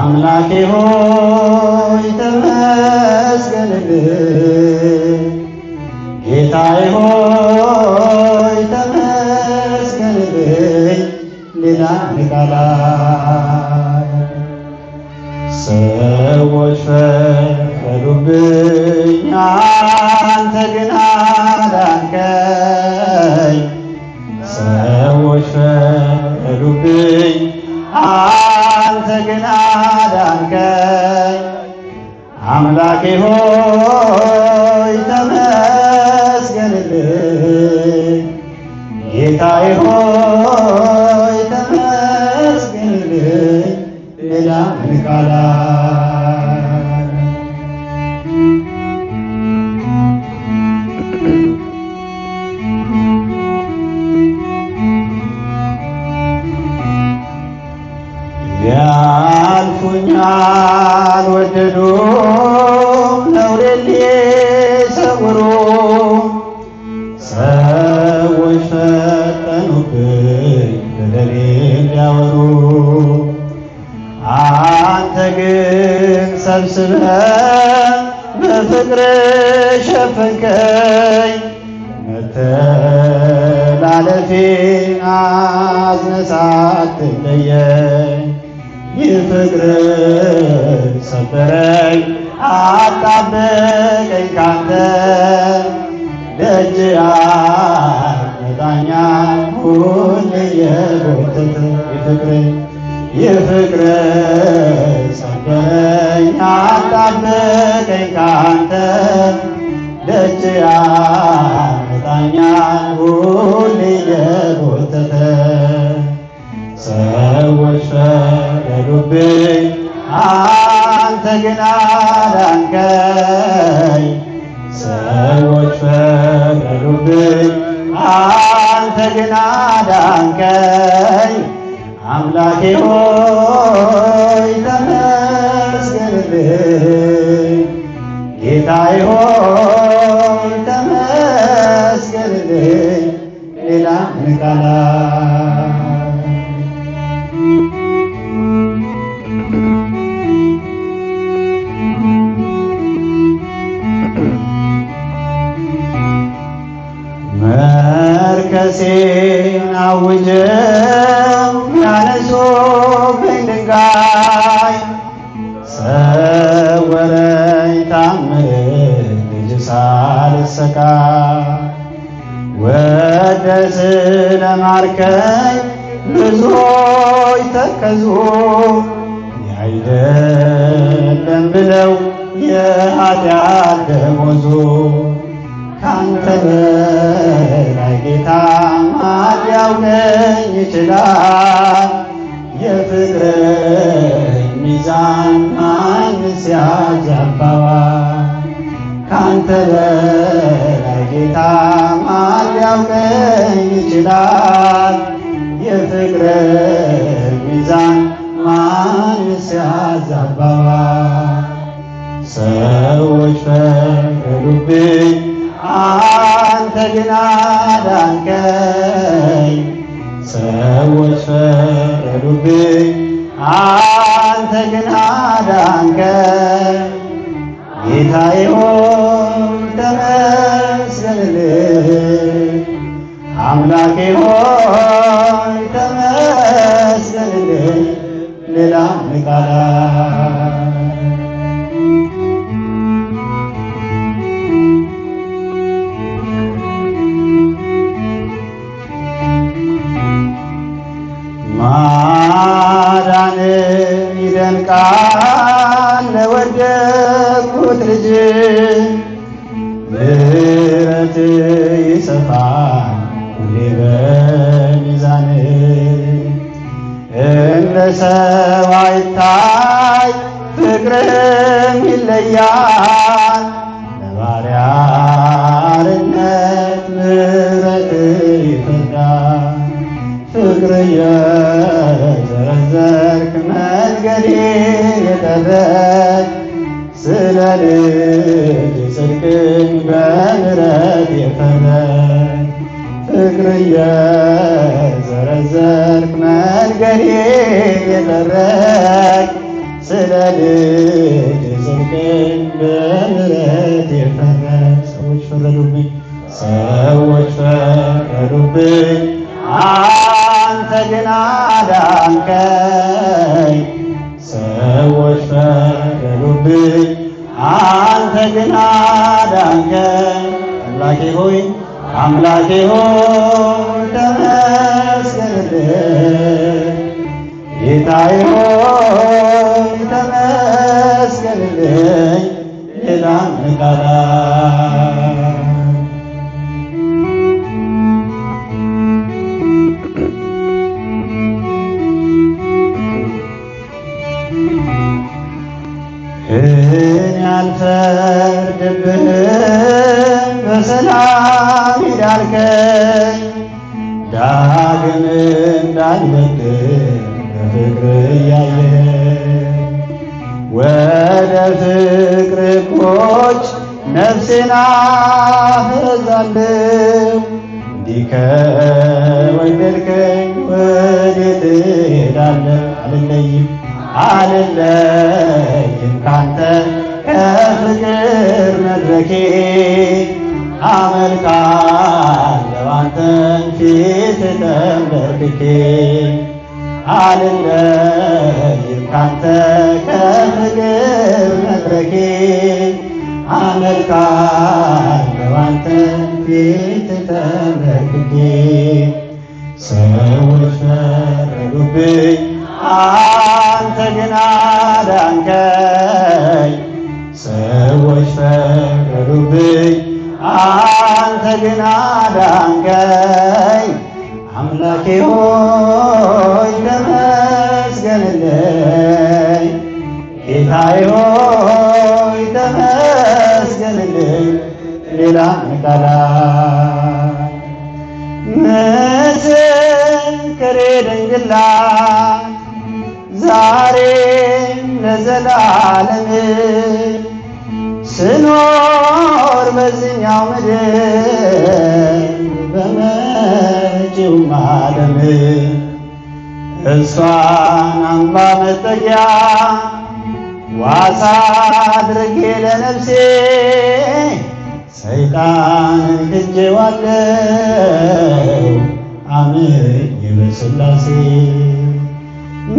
አምላኬ ሆይ ተመስገንልኝ፣ ጌታዬ ሆይ ተመስገንልኝ። ሌላ ንቃላይ ሰዎች ፈረዱብኝ፣ አንተ ግን አዳንከኝ። ሰዎች ፈረዱብኝ አምላኬ ሆይ ተመስገንልኝ፣ ጌታዬ ሆይ ተመስገንልኝ። ሌላ ምን ያልፉኛል አዝነሳ አትለየ ይህ ፍቅር ሰበረኝ አጣበቀኝ ካንተ ደጅ አመጣኛ ሁሌ የጎተተ የፍቅር ይህ ሰበረኝ አጣበቀኝ ካንተ ደጅ አመጣኛ ሁሌ ያስፈልገኝ ሌላ ንቃላ መርከሴን አውጀው ያነሱብኝ ድንጋይ ሰወረኝ ታምር ልጅ ሳልሰቃይ ወደ ስለማርከኝ ብዙዎች ተከዙ አይደለም ብለው የኃጢአት ደሞዙ ካንተ በላይ ጌታ ማን ሊያውቀኝ ይችላል? የፍቅርህ ሚዛን ማንስ ያዛባዋል? ካንተ ጌታ ማን ሊያውቀኝ ይችላል? የፍቅር ሚዛን ማን ያዛባዋል? ሰዎች ፈቀዱብኝ፣ አንተ ግን አዳንከኝ። ሰዎች ፈቀዱብኝ፣ አንተ ግን አዳንከኝ ጌታዬ ልልህ አምላኬ ሆይ ተመስገንልህ ሌላ ቃላት ማዳን ይደንቃል ለወደቁት ልጅ ምሕረት ይሰፋል ሁሌ በሚዛን እንደ ሰው አይታይ ፍቅርም ይለያል ለባሪያ አርነት ምሕረት ይፈርዳል ፍቅር የዘረዘርክ መንገዴን የጠረግ ስለ ልጅ ጽድቅን በምሕረት የፈለግ ፍቅር እየዘረዘርክ መንገዴን የጠረግ ስለ ልጅ ጽድቅን በምሕረት የፈለግ ሰዎች ፈረዱብኝ፣ ሰዎች ፈረዱብኝ፣ አንተ ግን አዳንከኝ አምላኬ ሆይ ተመስገንልህ፣ ጌታዬ ሆይ ተመስገንልህ። ሌላ እኔ አልፈርድብህም እንዳልከኝ ዳግም እንዳልበድል በፍቅር እያየህ ወደ ፍቅር ጎች ነፍሴን አፈዛለሁ እንዲከወደድከኝ ወዴት እሄዳለሁ? አልለይም አልለይም ካንተ ከፍቅር መድረኬ አመልካለሁ አንተን ፊት ተንበርክኬ አልለይም ካንተ ከፍቅር መድረኬ አመልካለሁ አንተን ፊት ተንበርክኬ ሰዎች ፈረዱብኝ አንተ ግን አዳንከኝ ሰዎች ፈረዱብኝ አንተ ግን አዳንከኝ አምላኬ ሆይ ተመስገንልኝ። ጌታዬ ሆይ ተመስገንልኝ። ሌላ ቃላት ምስክሬ ድንግል ናት ዛሬም ለዘላለም ስኖር በዚኛው ምድር በመጪው ዓለም እሷን አምባ መጠጊያ ዋሳ አድርጌ ለነፍሴ ሰይጣን ክጄዋለሁ አምኜ በሥላሴ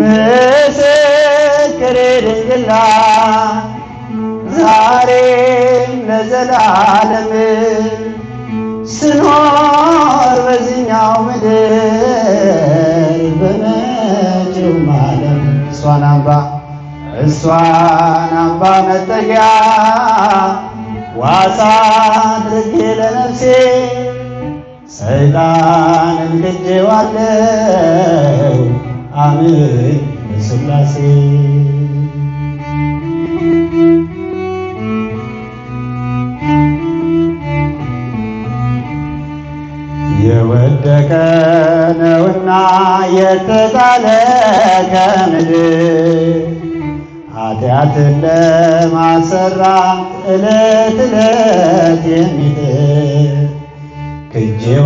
ምስክሬ ድንግል ናት ዛሬም ለዘላለም ስኖር በዚኛው ምድር በመጪው ዓለም እሷን አምባ እሷን አምባ መጠጊያ ዋሳ አድርጌ ለነፍሴ ሰይጣን እንግጄዋለሁ አምን ስላሴ ነውና የተጣለ ከምድር ኃጢአትን ለማሰራ እለት እለት የሚጥር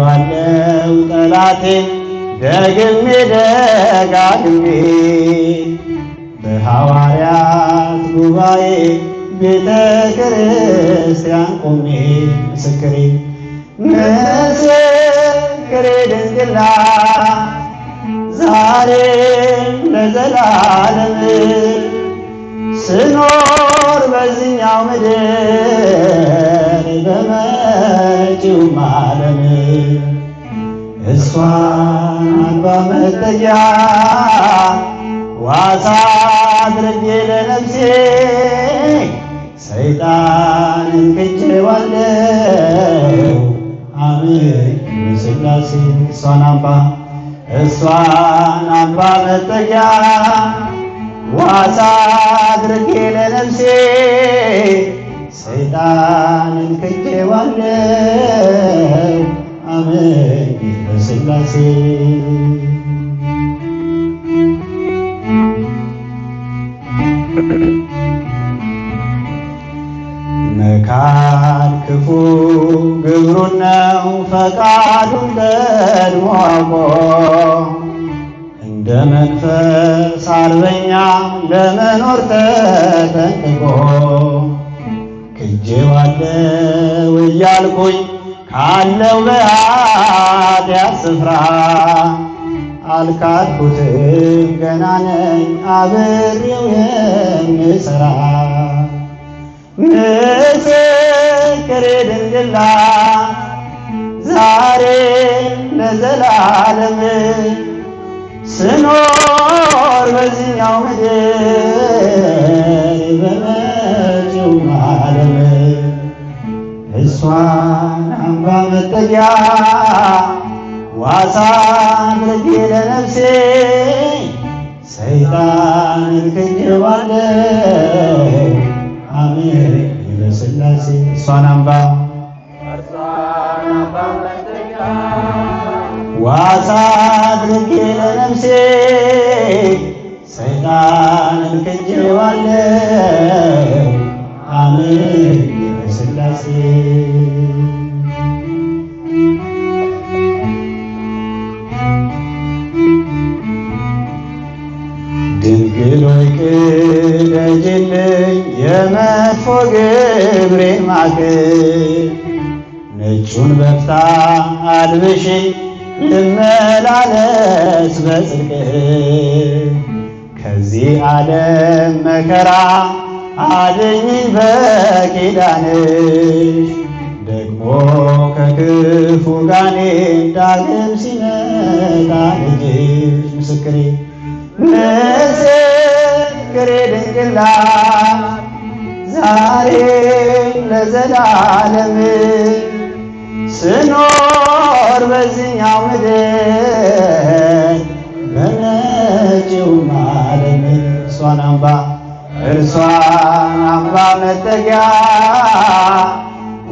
ባለው ጠላቴ ደግሜ ደጋግሜ በሐዋርያት ጉባኤ ቤተ ክርስቲያን ቆሜ ምስክሬ ምስል ምስክሬ ድንግል ናት ዛሬም ለዘላለም ስኖር በዚኛው ምድር በመጪውም ዓለም እሷን አልባ መጠጊያ ዋሳ አድርጌ ለነፍሴ ሰይጣንን ክጄዋለሁ አምን ስላሴ እሷን አምባ እሷን አምባ መጠጊያ ዋሳ አድርጌ ለነፍሴ ሰይጣንን ክጄዋለሁ አመንኩ በስላሴ ተጠንቅቆ ክጄዋለው እያልኩኝ ካለው በኃጢአት ስፍራ አልካድኩትም ገና ነኝ አብሬው የምሰራ ምስክሬ ድንግል ናት ዛሬ ለዘላለም ስኖር በዚህኛው ምድር በመጪው ዓለም እሷን አምባ መጠጊያ ዋሳ አድርጌ ለነፍሴ ሰይጣን እክንድባለው። አሜን ለሥላሴ እሷን አምባ ዋሳ አድርጌ ለነፍሴ ጥበብሽ ልመላለስ በጽድቅህ ከዚህ ዓለም መከራ አድኝ በኪዳንሽ ደግሞ ከክፉ ጋኔ ዳግም ሲመጣ ልጅሽ ምስክሬ ምስክሬ ድንግል ናት ስኖር በዚኛው ምድር በነጭው ዓለም እርሷን አምባ እርሷን አምባ መጠጊያ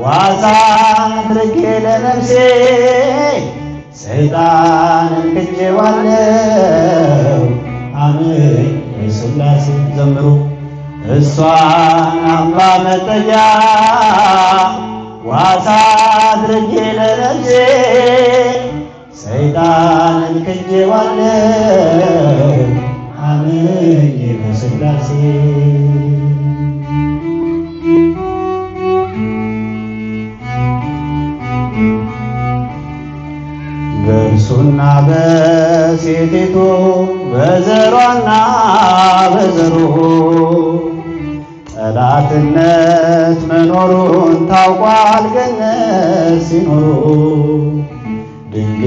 ዋሳ አድርጌ ለነፍሴ ሰይጣንን ክጄዋለሁ። አሜን ስላሴ ዘምሩ እሷን አምባ መጠጊያ ዋሳ አድርጌ ለነፍሴ ሰይጣንን ክጄዋለሁ አምኜ በሥላሴ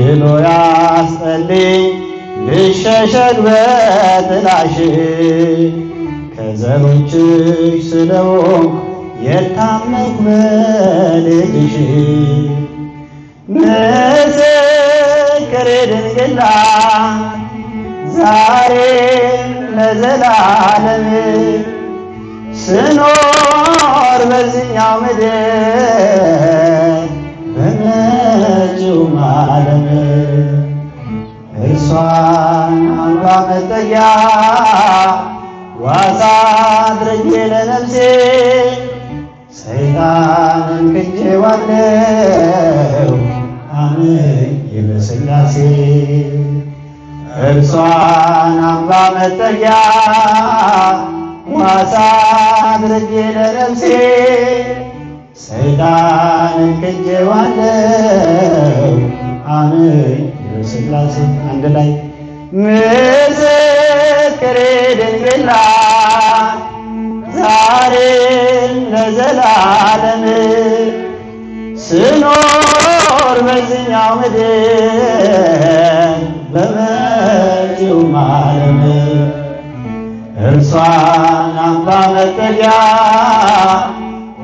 ብሎ ያስጸልይ ልሸሸግ በጥላሽ ከዘሮችሽ ስለሆንኩ የታመንኩ በልጅሽ ምስክሬ ድንግል ናት ዛሬ ለዘላለም ስኖር በዚህኛው ምድር ኪዳን ከጀዋለው አሜን ስላሴ አንድ ላይ ምስክሬ ድንግላ ዛሬ ለዘላለም ስኖር በዚኛው ምድር በመጪው ዓለም እርሷን አምባ መጠጊያ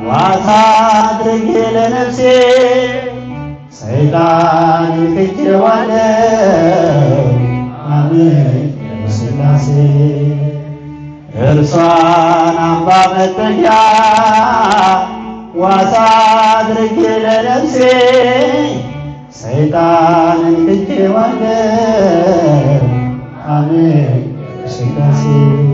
ዋሳ አድርጌ ለነፍሴ ሰይጣን ክጀዋለው አሜን ስላሴ እርሷን አምባ መጠጊያ ዋሳ አድርጌ ለነፍሴ ሰይጣን ክጀዋለው አሜን ስላሴ